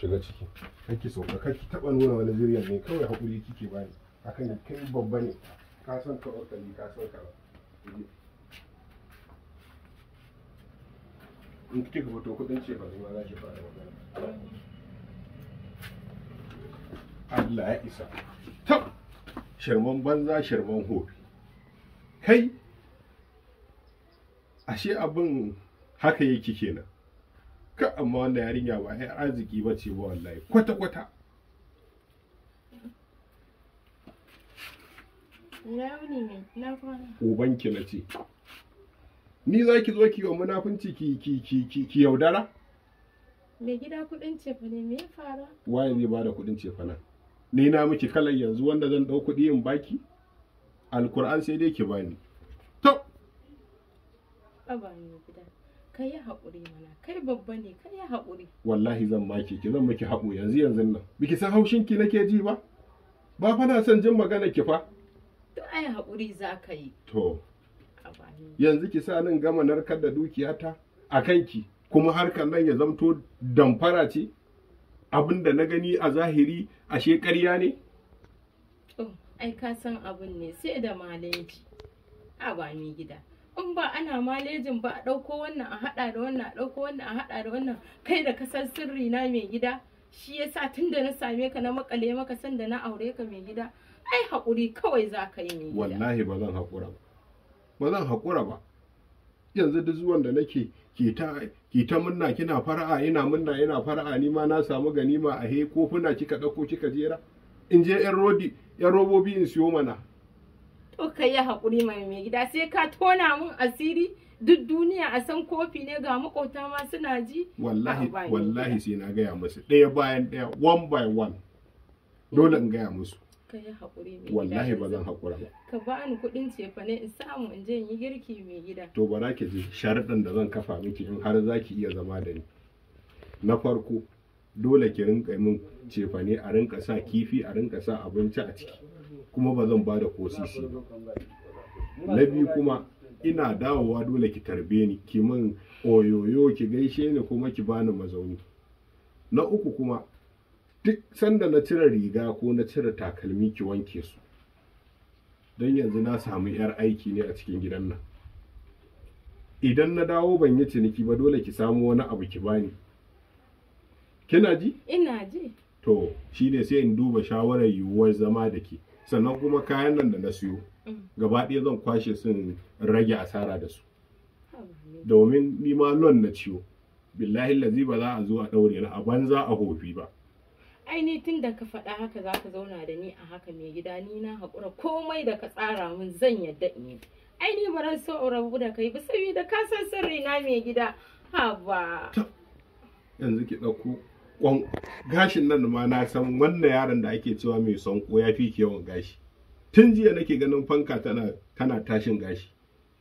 shiga ciki kake ka kake taba nuna wani zuriyar ne kawai hakuri kike bani akan kai babba ne ka san ka orkali ka san ka in kike ka fito kudin ce ba zuwa za ki fara magana Allah ya isa tab shirman banza shirman hofi kai ashe abin haka yake kenan ka amma wannan yarinya ba ai arziki ba ce ba wallahi kwata kwata ubanki na ce ni za ki zo ki yi wa munafunci ki ki ki ki ki yaudara me gida kudin cefa ne me fara waye zai bada kudin cefa nan ni na miki kalan yanzu wanda zan dau kudi in baki alkur'an sai dai ki bani to abani gida ka yi haƙuri mana kai babba ne ka yi haƙuri wallahi zan ki zan miki yanzu yanzu nan biki san haushin ki nake ji ba ba fa na son jin magana ki fa to ai haƙuri za ka yi to yanzu ki sa nan gama narkar da dukiyata a kanki kuma harkar nan ya zamto damfara ce abin da na gani a zahiri ashe ƙarya ne ai ka san abin ne sai da malanci a ba gida in ba ana malejin ba a ɗauko wannan a haɗa da wannan a ɗauko wannan a haɗa da wannan kai da kasar sirri na mai gida shi ya sa tun da na same ka na makale maka san da na aure ka mai gida ai haƙuri kawai za ka yi mai gida wallahi ba zan haƙura ba ba zan haƙura ba yanzu duk zuwan da nake ke ta ki ta munna kina fara'a ina munna ina fara'a ni ma na samu ganima a he kofuna kika ɗauko kika jera in je yan rodi yan robobi in siyo mana to ka yi haƙuri mai mai gida sai ka tona mun asiri duk duniya a san kofi ne ga makota ma suna ji wallahi wallahi sai na gaya musu ɗaya bayan ɗaya one by one dole in gaya musu wallahi ba zan haƙura ba ka ba ni kuɗin cefa ne in samu in je in yi girki mai gida to bara ki ji sharuɗan da zan kafa miki in har za ki iya zama da ni na farko dole ki rinka min cefane a rinka sa kifi a rinka sa abinci a ciki kuma ba zan bada da ba na biyu kuma ina dawowa dole ki tarbe ni ki min oyoyo ki gaishe ni kuma ki bani mazauni na uku kuma duk sanda na cire riga ko na cire takalmi ki wanke su don yanzu na samu yar aiki ne a cikin gidan nan idan na dawo ban yi ciniki ba dole ki samu wani abu ki bani kina ji ina ji to shine sai in duba shawarar yiwuwar zama da ke sannan kuma kayan nan da na siyo gaba ɗaya zan kwashe sun rage asara da su domin nima nan na ciwo billahi lazi ba za a zo a ɗaure na a banza a hofi ba aini tun da ka faɗa haka za ka zauna da ni a haka mai gida ni na haƙura komai da ka tsara min zan yadda in yi aini ba ran so rabu da kai ba saboda ka san sirri na mai gida haba yanzu ki ɗauko gashin nan ma na san wannan yaron da ake cewa mai sanko ya fi yawan gashi tun jiya nake ganin fanka tana tana tashin gashi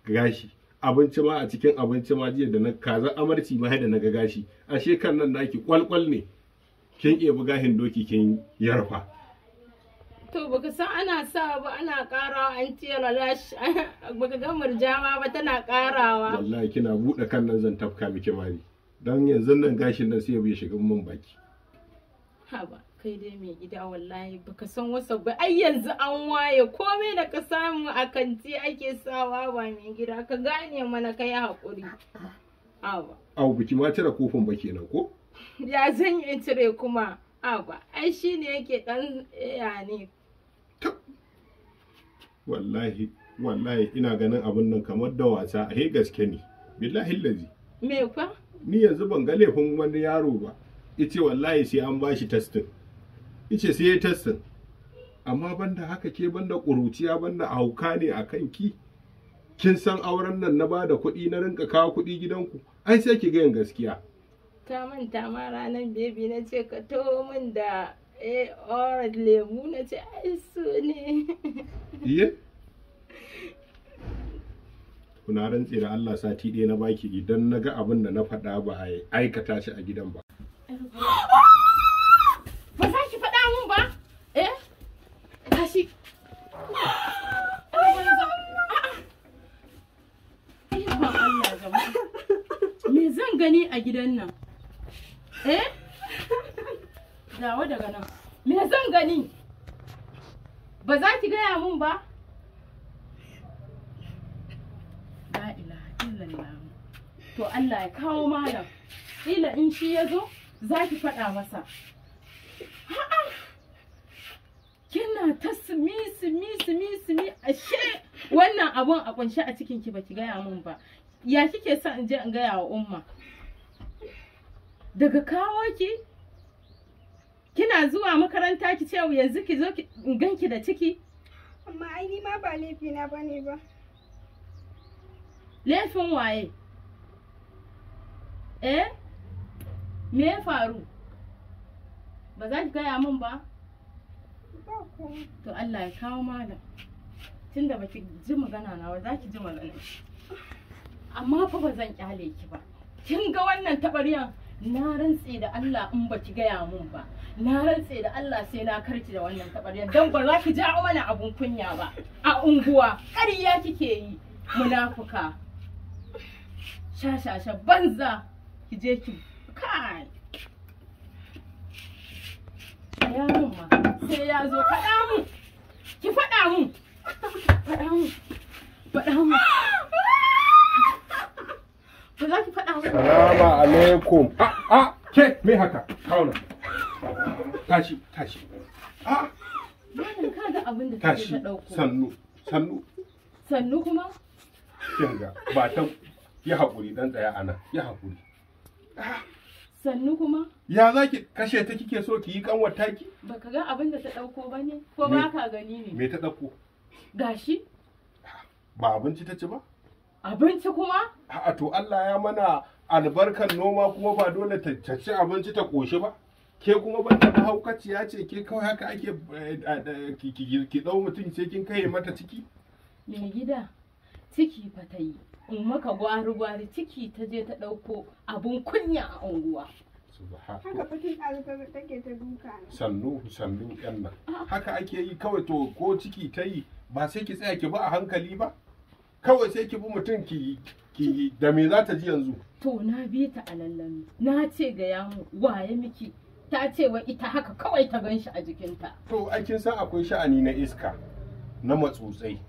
gashi abinci ma a cikin abinci ma jiya da na kaza amarci ma da na ga gashi ashe kan nan naki kwalkwal ne kin iya buga gahin doki kin yarfa to baka san ana sa ba ana karawa an ce lalash baka ga murjama ba tana karawa wallahi kina bude kan nan zan tafka miki mari don yanzu nan gashin nan sai ya shiga mun baki haba kai dai mai gida wallahi baka san wasa ba ai yanzu an waye komai da ka samu a kanti ake sawa ba mai gida ka gane mana kai hakuri haba au biki ma cire kofin ba kenan ko ya zan yi cire kuma haba ai shine yake dan ya ne wallahi wallahi ina ganin abin nan kamar da wasa a gaske ne billahi lazi me fa ni yanzu ban ga laifin wani yaro ba ice wallahi sai an bashi testin ice sai ya testin amma banda haka ke banda ƙuruciya banda hauka ne a kan ki kin san auren nan na bada kuɗi na rinka kawo kuɗi gidanku ai sai ki yin gaskiya ta manta ma ranar bebi na ce ka to min da eh orange lemu na ce ai su ne na rantse da Allah sati ɗaya na baki idan na ga abin da na faɗa ba a aikata shi a gidan ba. Ba za ki faɗa mun ba? Eh? Tashi. Me zan gani a gidan nan? Eh? Dawo daga nan. Me zan gani? Ba za ki gaya mun ba? to Allah ya kawo malam ila in shi ya zo za ki faɗa masa kina ta sumi sumi sumi sumi ashe wannan abun a kunshi a cikin ki baki gaya mun ba ya kike son in je in gaya wa umma daga kawo ki kina zuwa makaranta ki ce yanzu ki zo ki ganki da ciki amma ai ni ma ba laifi na bane ba laifin waye eh me ya faru ba za ki gaya min ba to Allah ya kawo mana tunda ba ki ji magana na ba za ki ji magana amma fa ba zan kyale ki ba kin ga wannan tabariyan na rantse da Allah in ba ki gaya mun ba na rantse da Allah sai na karki da wannan tabariyan dan ba za ki ja mana abun kunya ba a unguwa ƙarya kike yi munafuka shashasha banza ki je ki kai tsaya ma sai ya zo faɗa mu ki faɗa mu faɗa mu faɗa mu ba za ki faɗa mu. salamu alaikum a a ke me haka kauna tashi tashi ah wannan ka ga abin da kake da dauko sannu sannu sannu kuma kinga ba ta ki haƙuri dan tsaya ana ki haƙuri sannu kuma ya za ki kashe ta kike so ki yi kanwar taki ka ga abin da ta ɗauko ba ne ko ba ka gani ne me ta ɗauko gashi ba abinci ta ci ba abinci kuma a to Allah ya mana albarkan noma kuma ba dole ta ci abinci ta ƙoshi ba ke kuma ban da haukaciya ce ke kawai haka ake eh, eh, eh, ki dau mutum ce kin kai mata ciki me gida ciki fa ta yi in maka gwari gwari ciki ta je ta ɗauko abun kunya a unguwa haka fitin ɗalibai take ta duka sannu sannu yan nan ah. haka ake yi kawai ko ciki ta yi ba sai ki tsaya ki bi a hankali ba kawai sai ki bi mutum ki ki da me za ta ji yanzu to na bi ta a lallami na ce ga yamu waye miki ta ce wa ita haka kawai ta gan a jikinta to kin san akwai sha'ani na iska na matsutsai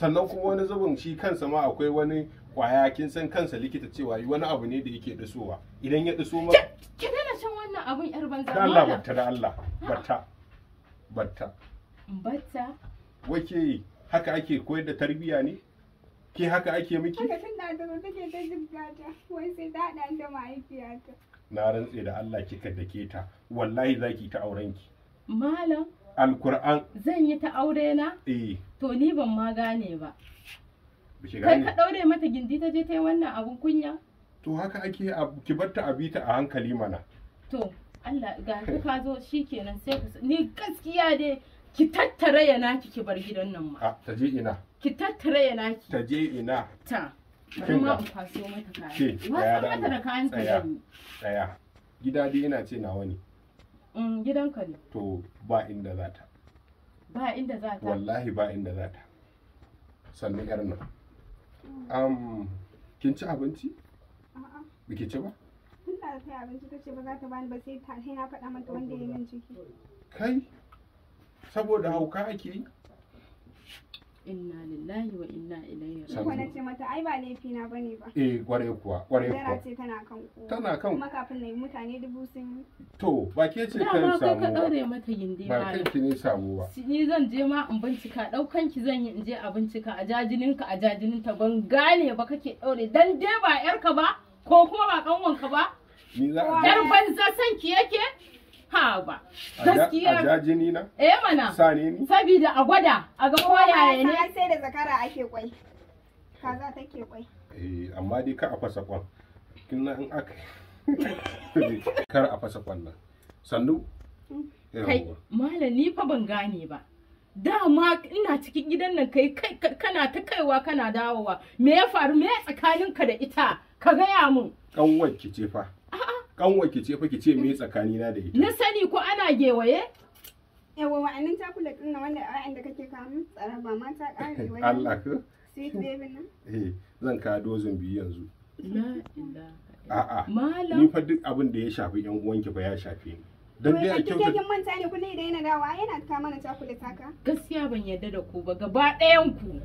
sannan kuma wani zubin shi kansa ma akwai wani kwaya kin san kansa likita cewa yi wani abu ne da yake dasowa idan ya daso ma ki dana shan wannan abun yar banza da Allah batta da Allah batta batta batta wake haka ake koyar da tarbiya ne ke haka ake miki haka tun da da take ta jibgata wai sai da da da mahaifiyata na rantse da Allah kika dake ta wallahi zaki ta auren ki. malam alkur'an zan yi ta aure na eh. to ni ban ma gane ba kai ka daure mata gindi ta je ta yi wannan abun kunya to haka ake ki barta a bita a hankali mana to Allah ga ka zo shikenan sai ni gaskiya dai ki tattara ya naki ki bar gidan nan ma ta je ina ki tattara ya naki ta je ina ta kuma ma in kwaso mata kayan wasu mata da kayan ta tsaya gida dai ina ce nawa ne Mm, gidanka ne to ba inda za ta ba inda za ta wallahi ba inda za ta sannan yar nan um, kin ci abinci a'a biki ci ba ina da kai abinci ta ce ba za ta bani ba sai ta na faɗa mata wanda ya yi min ciki kai saboda hauka ake yi inna lillahi wa inna ilaihi raji'un ko nace mata ai ba laifi na bane ba eh kware kuwa kware kuwa ce tana kan ko tana kan kuma kafin nayi mutane dubu sun yi to ba ke ce kan samu ba ka daure mata yinde ba ba ki ne samu ba ni zan je ma in bincika daukan ki zan yi in je a bincika a jajinin ka a jajinin ta ban gane ba kake daure dan dai ba yarka ba ko kuma ba ka ba ni za a jar banza san ki yake ha ba gaskiya a ni na eh mana sani ni saboda a gwada a ga yaya ne sai da zakara ake kwai kaza take kwai eh amma dai ka a fasa kwan kin nan in aka kar a fasa kwan nan sannu kai malami fa ban gane ba dama ina cikin gidan nan kai kana ta kaiwa kana dawowa me ya faru me tsakaninka da ita ka gaya mun kanwar ki ce fa kanwa ki ce fa ki ce me tsakani na da ita na sani ko ana gewaye yawa wa'annan chocolate din nan wanda wa'anda kake tsara ba ma ta kare wani Allah ka sweet baby nan eh zan ka dozin biyu yanzu la a a'a ni fa duk abin da ya shafi yan uwanki fa ya shafe ni don dai a kyauta kin manta ne kullai da yana dawa yana ta mana chocolate haka gaskiya ban yarda da ku ba gaba ɗayan ku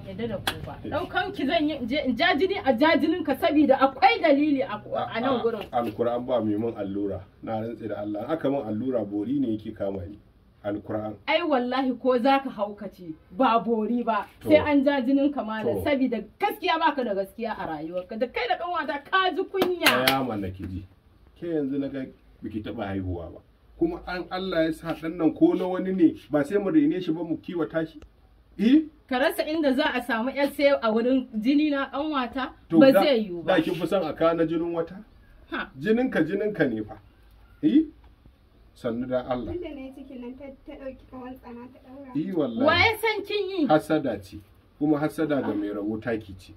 ban da ku ba daukan ki zan yi in jini a jajinin ka saboda akwai dalili a nan gurin alkur'an ba mai mun allura na rantsi da Allah aka mun allura bori ne yake kama ni alkur'an ai wallahi ko zaka haukace ba bori ba sai an ja jinin kamala saboda gaskiya baka da gaskiya a rayuwarka da kai da kanwata ka ji kunya ya mallaki ji ke yanzu na ga biki taba haihuwa ba kuma an Allah ya sa dan nan ko na wani ne ba sai mu rene shi ba mu kiwata shi Eh? ka rasa inda za a samu yar sai a wurin jini na kanwata ba zai yiwu ba da kin fi son a kana jinin wata Jininka jininka ne fa eh? sannu da Allah inda ne cikin nan ta dauki kawan tsana ta daura eh wallahi waye san kin yi Hassada ce kuma hassada da mai rawo taki ce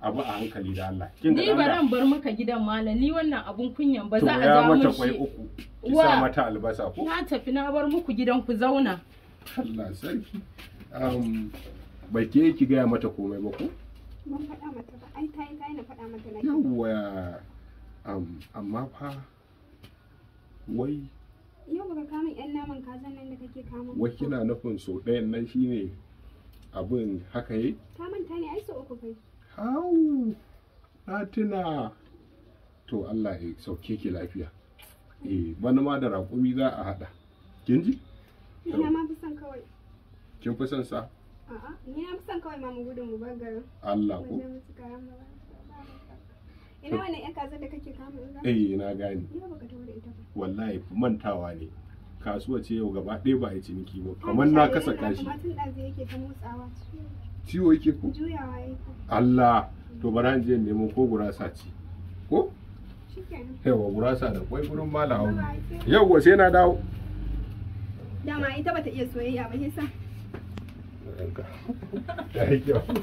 abu a hankali da Allah. Ni ba ran bar maka gidan malam ni wannan abun kunyan ba za a ja shi. To mata kwai uku. Ki sa mata albasa ko? Na tafi na bar muku gidan ku zauna. Allah sarki. bai ke ki gaya mata komai ba ko? Ban faɗa mata ba, ai ta yi ta na faɗa mata na Yawwa, amma fa wai. Yau kama ƴan naman kazan nan da kake kama. Wai kina nufin so ɗayan nan ne, abin haka yi? Ta manta ne ai so uku kai. Hau, na tuna. To Allah ya sauke ki lafiya. Eh, bana ma da raƙumi za a haɗa. Kin ji? Ina ma fi son kawai. kin fi son sa ni na fi son kawai mamu gudun mu Allah ko ina wani yan kaza da kake kama eh na gani, ina baka ita ba wallahi mantawa ne kasuwa ce yau gaba ɗaya ba a ciniki ba kamar na kasa kashi ciwo yake ko Allah to mm. je neman ko gurasa ci ko yawa gurasa da kwai gurin malawa yawa sai na dawo dama ita bata iya soyayya ba やるか大丈夫。